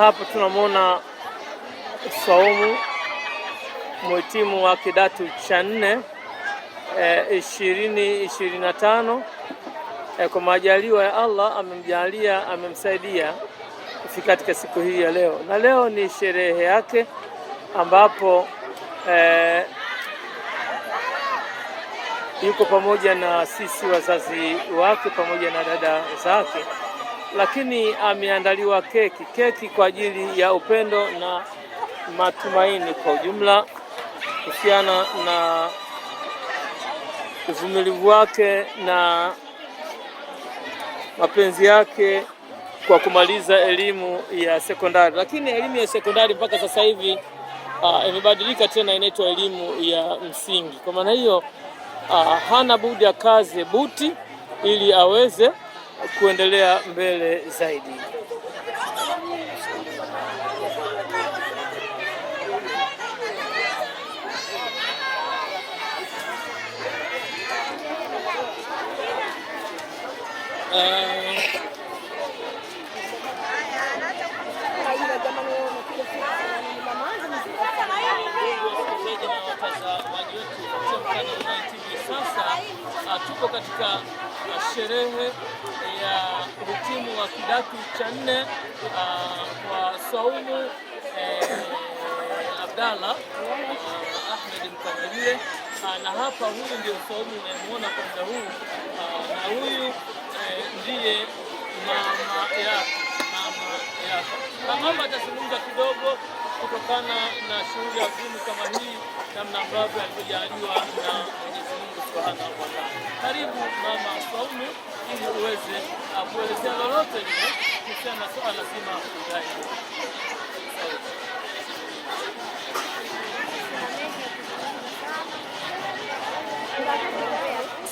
Hapa tunamwona Saumu mhitimu wa kidato cha nne e, ishirini ishirini na tano e, kwa majaliwa ya Allah amemjalia amemsaidia kufika katika siku hii ya leo, na leo ni sherehe yake ambapo e, yuko pamoja na sisi wazazi wake pamoja na dada zake lakini ameandaliwa keki, keki kwa ajili ya upendo na matumaini kwa ujumla, kuhusiana na uvumilivu wake na mapenzi yake kwa kumaliza elimu ya sekondari. Lakini elimu ya sekondari mpaka sasa hivi uh, imebadilika tena, inaitwa elimu ya msingi. Kwa maana hiyo uh, hana budi akaze buti ili aweze kuendelea mbele zaidi. tuko katika sherehe ya uhitimu wa kidato cha nne ah, kwa Saumu eh, Abdalla ah, Ahmed Mkandagile, ah, na hapa huyu ndio Saumu unayemwona kwa muda huu, na huyu eh, ndiye mama yake. Mama atazungumza kidogo kutokana na shughuli ya elimu kama hii, namna ambavyo alivyojaliwa na subhanahu wa taala. Karibu mama ili uweze ah, kuelezea lolote lile kuhusiana na swala zima la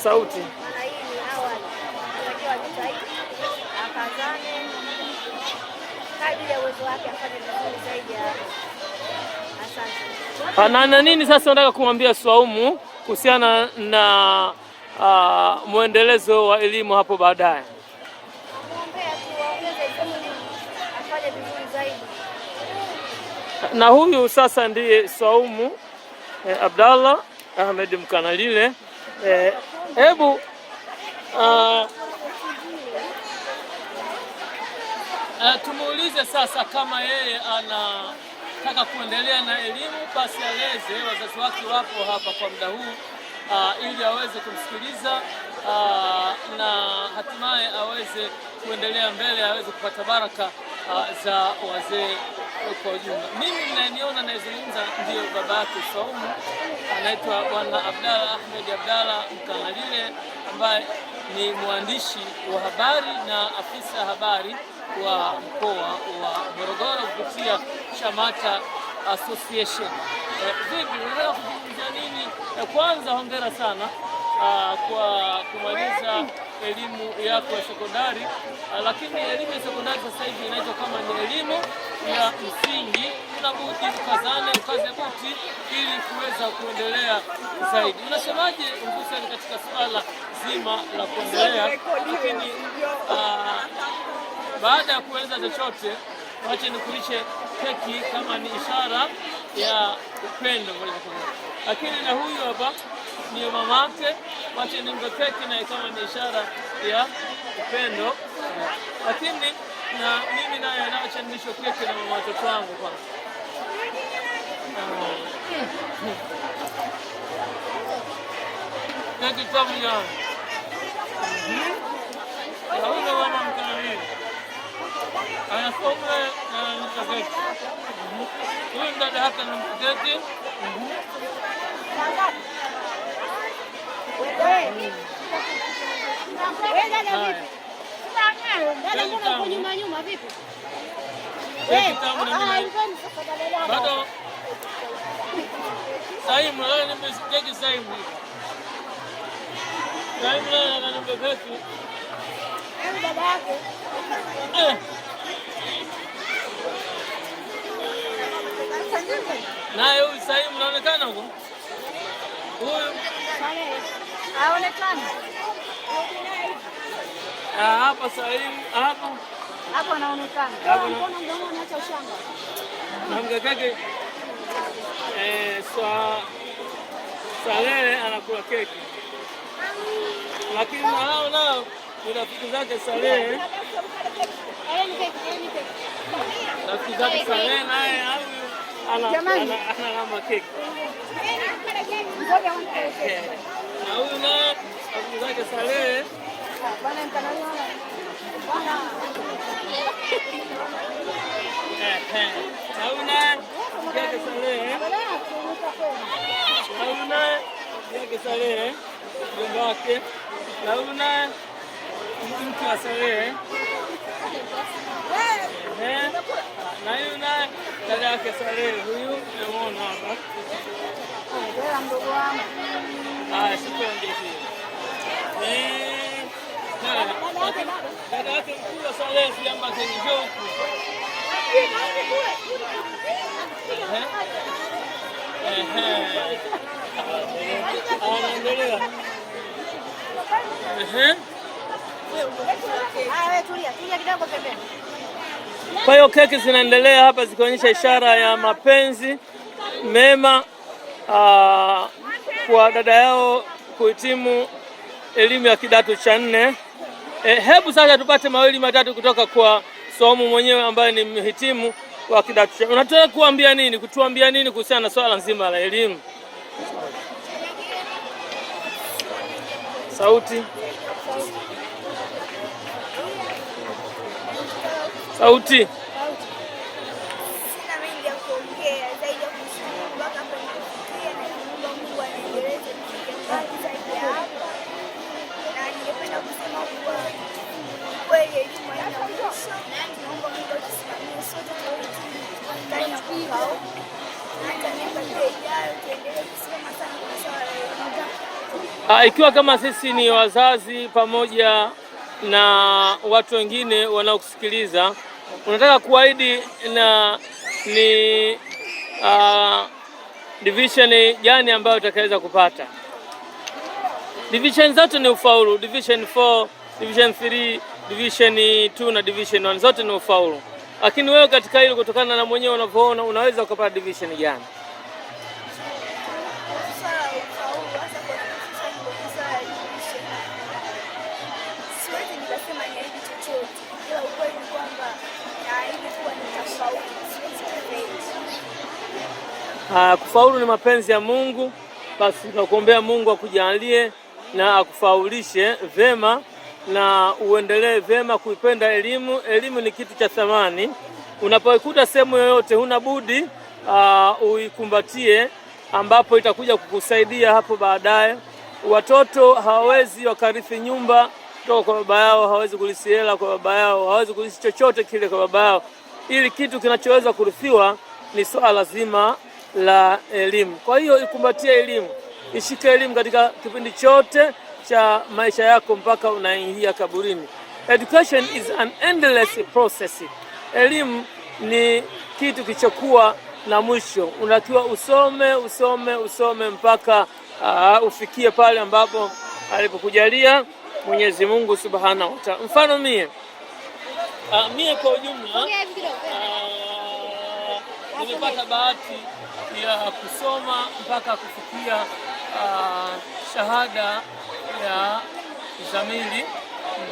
sauti anana nini sasa unataka kumwambia Swaumu? kuhusiana na uh, mwendelezo wa elimu hapo baadaye. Na huyu sasa ndiye Saumu eh, Abdallah Ahmed Mkanalile. Eh, hebu uh, Uh, tumuulize sasa kama yeye ana anataka kuendelea na elimu basi aleze wazazi wake wapo hapa kwa muda huu uh, ili aweze kumsikiliza uh, na hatimaye aweze kuendelea mbele, aweze kupata baraka uh, za wazee kwa ujumla. Mimi ninayeniona anayezungumza ndiyo baba yake Saumu, anaitwa Bwana Abdalla Ahmed Abdalla Mkangalile ambaye ni mwandishi wa habari na afisa habari wa mkoa wa Morogoro kupitia Chamata Association. Eh, vipi unataka kuzungumzia nini? Eh, kwanza hongera sana ah, kwa kumaliza elimu yako ya sekondari ah, lakini elimu ya sekondari sasa hivi inaitwa kama ni elimu ya msingi. Kuna budi ukazane, ukaze buti ili kuweza kuendelea zaidi. Unasemaje hususani katika swala zima la kuendelea, lakini ah, baada ya kuweza chochote Wache nikulishe keki kama ni ishara ya upendo kwa lakini na huyu hapa ni mama yake. Wache nimpe keki naye kama ni ishara ya upendo, lakini na mimi naye nawacha nilishe keki na mama watoto wangu kwanza. Keki tamu jana anasoma na mkakati. Huyu mdada hapa na mkakati bado saimu nimesiteki saimu saimu ananimbebeki baba yako naye huyu sasa hivi mnaonekana huko, huyu haonekani ah, hapa sasa hivi hapo hapo anaonekana mbona mdomo ushanga na mgekeke eh mkakake Salehe anakula keki, lakini nao nao ni rafiki zake Salehe, rafiki zake Salehe naye Jamani, Nauma Abu zake Saleh Nauna yake Saleh Nauna yake Saleh mjomba wake Nauna mtu wa Saleh dada yake Salehe huyu namuona hapa. Haya, sikuongezia dada yake mkubwa Salehe ambakenijo anaendelea tulia kidogo pembeni kwa hiyo keki zinaendelea hapa zikionyesha ishara ya mapenzi mema aa, ah, kwa dada yao kuhitimu elimu ya kidato cha nne. E, hebu sasa tupate mawili matatu kutoka kwa Saumu mwenyewe ambaye ni mhitimu wa kidato cha Unataka kuambia nini, kutuambia nini kuhusiana na swala nzima la elimu? Sauti. sauti. Sina mengi ya kuongea zaidi ya kushukuru mpaka kufikia na Mungu zaidi ya hapa, na ningependa kusema kuwa kweli elimu haina mwisho. Naomba Mungu atusimamie sote hata miaka ijayo, tuendelee sana kwa ah, Ikiwa kama sisi ni wazazi pamoja na watu wengine wanaokusikiliza, unataka kuahidi na ni uh, division gani ambayo utakaweza kupata? Division zote ni ufaulu, division 4, division 3, division 2 na division 1 zote ni ufaulu, lakini wewe katika hilo, kutokana na mwenyewe unavyoona, unaweza ukapata division gani? ilikuwa ah, ni kufaulu. ni mapenzi ya Mungu, basi tunakuombea Mungu akujalie na akufaulishe vema na uendelee vyema kuipenda elimu. Elimu ni kitu cha thamani, unapoikuta sehemu yoyote huna budi uh, ah, uikumbatie, ambapo itakuja kukusaidia hapo baadaye. Watoto hawawezi wakarithi nyumba kutoka kwa baba yao, hawezi kulisi hela kwa baba yao, hawezi kulisi chochote kile kwa baba yao. Ili kitu kinachoweza kurithiwa ni swala zima la elimu. Kwa hiyo ikumbatie elimu, ishike elimu katika kipindi chote cha maisha yako mpaka unaingia kaburini. Education is an endless process. Elimu ni kitu kichokuwa na mwisho. unatakiwa usome usome usome mpaka uh, ufikie pale ambapo alipokujalia Mwenyezi Mungu Subhanahu wa Ta'ala. Mfano mie uh, mie kwa ujumla uh, nimepata bahati ya kusoma mpaka kufikia uh, shahada ya uzamili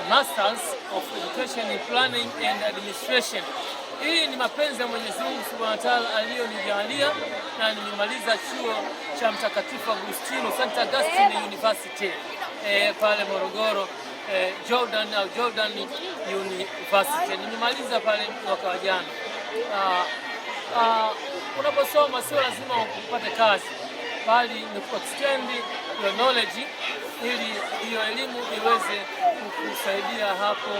Masters of Education in Planning and Administration. Hii ni mapenzi ya Mwenyezi Mungu Subhanahu wa Ta'ala aliyonijalia na nimemaliza chuo cha Mtakatifu Agustino St. Augustine University eh, pale Morogoro eh, Jordan au Jordan University. Nimemaliza pale mwaka wa jana. Ah, ah, unaposoma sio lazima upate kazi, bali ni extend your knowledge ili hiyo elimu iweze kukusaidia hapo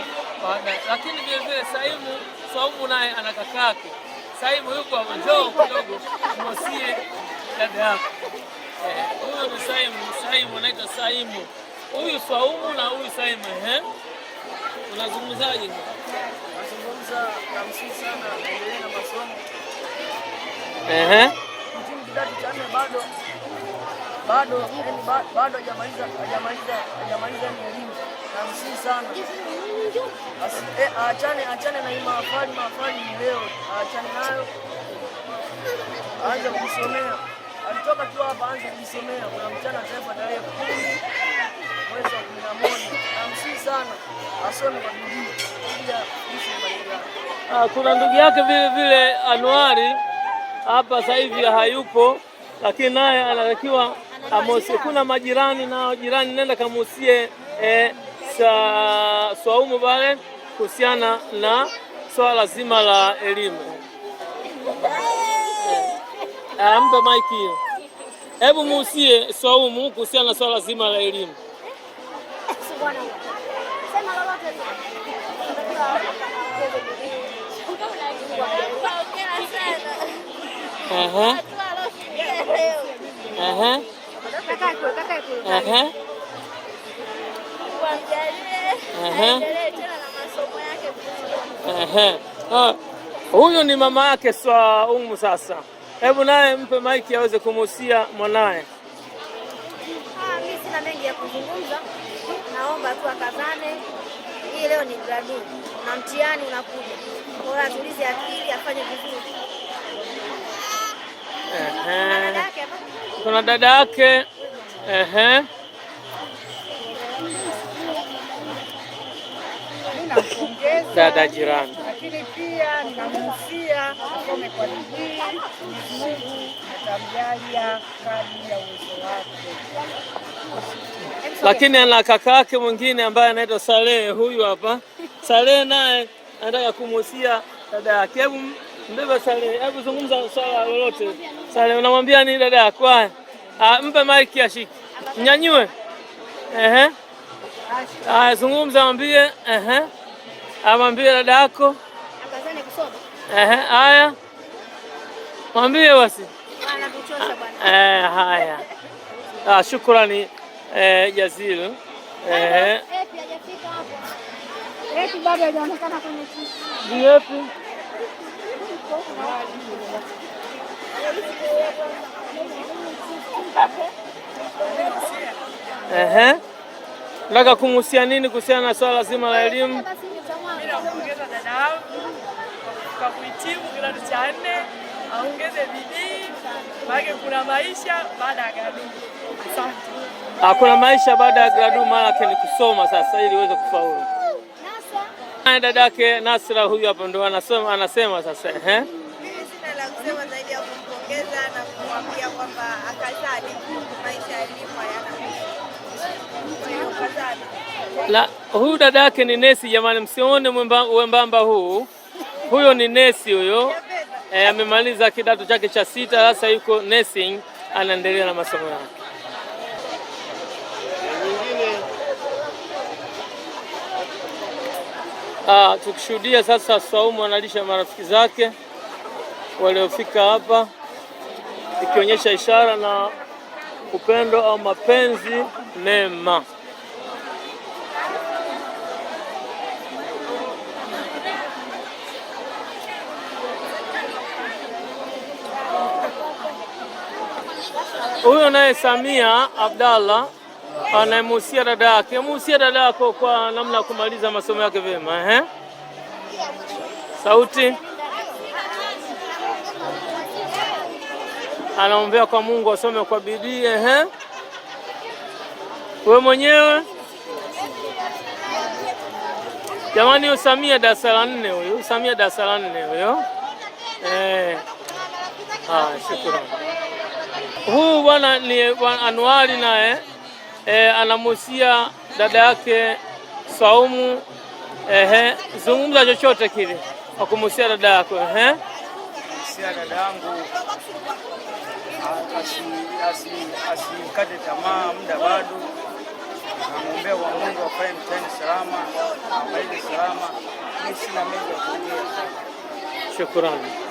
baada. Lakini vile vile Saimu Saumu naye ana kakake Saimu yuko njoo kidogo mosie dada yako eh, huyo eh, ni Saimu. Saimu anaitwa Saimu huyu saumu na huyu saima, eh, unazungumzaje? Nazungumza na sana, endelea na masomo. Ehe, kidato cha nne bado bado bado hajamaliza hajamaliza hajamaliza elimu na msingi sana. E, achane achane na mahafali mahafali leo, achane nayo, aanze kujisomea. Alitoka tu hapa, aanze kujisomea. Kuna mchana taifa tarehe kumi mwezi namsii sana asome kwa bidii ah, Kuna ndugu yake vile vile Anuari hapa sasa hivi hayupo, lakini naye anatakiwa amosie. Kuna majirani nao, jirani nenda kamusie eh, sa swaumu pale kuhusiana na swala zima la elimu. Eh, ampe maiki hiyo, hebu muusie swaumu kuhusiana na swala zima la elimu. Yesu Bwana. Sema lolote uh-huh. Uh-huh. Uh-huh. Oh, huyu ni mama yake Swaumu. Sasa hebu naye mpe maiki aweze kumuhusia mwanaye. Ah, mimi sina mengi ya kuzungumza naomba tu akazane. Hii leo ni gradu na mtihani unakuja, bora atulize akili afanye vizuri. Kuna dada yake dada jirani, lakini pia ninamuhusia asome kwa bidii. Mungu atamjalia kadri ya uwezo wake lakini ana kaka yake mwingine ambaye anaitwa Salehe, huyu hapa Salehe naye anataka kumhusia dada yake. Hebu mbeba Salehe, hebu zungumza swala lolote. Salehe, unamwambia nini dada yako? Ah, mpe maiki ashiki, nyanyue. Ehe, aya, zungumza, mwambie. Ehe, amwambie dada yako. Ehe, haya, mwambie basi. Eh, haya, ah, shukrani eh, Jazil eh, eh Epi nataka nini kuhusiana na swala zima la elimu? Nampongeza dada yangu kwa kuhitimu kidato cha nne, aongeze bidii, maana kuna maisha baada ya Hakuna ah, maisha baada ya maana yake ni kusoma sasa ili uweze kufaulu. Dadake Nasra huyu hapo ndo anasema, anasema sasa eh? La, huyu dada yake ni nesi jamani, msione mwembamba huu, huyo ni nesi huyo. E, amemaliza kidato chake cha sita, sasa yuko nursing, anaendelea na masomo yake. Ah, tukishuhudia sasa Saumu analisha marafiki zake waliofika hapa, ikionyesha ishara na upendo au mapenzi mema. Huyo naye Samia Abdallah anayemuhusia dada yake, muhusia dada yako kwa namna ya kumaliza masomo yake vyema. Eh, sauti anaombea kwa Mungu asome kwa bidii. Eh, we mwenyewe jamani, usamia darasa la nne huyo, usamia darasa la nne huyo. Eh, ah, shukrani. Huu bwana ni anuari naye eh? e, anamuhusia dada yake Saumu. Ehe, zungumza chochote kile kwa kumuhusia dada yako. Ehe, muhusia dada yangu asikate tamaa, muda bado namwombea kwa Mungu afanye mtihani salama, afaidi salama. Mimi sina mengi ya kuongea. Shukrani.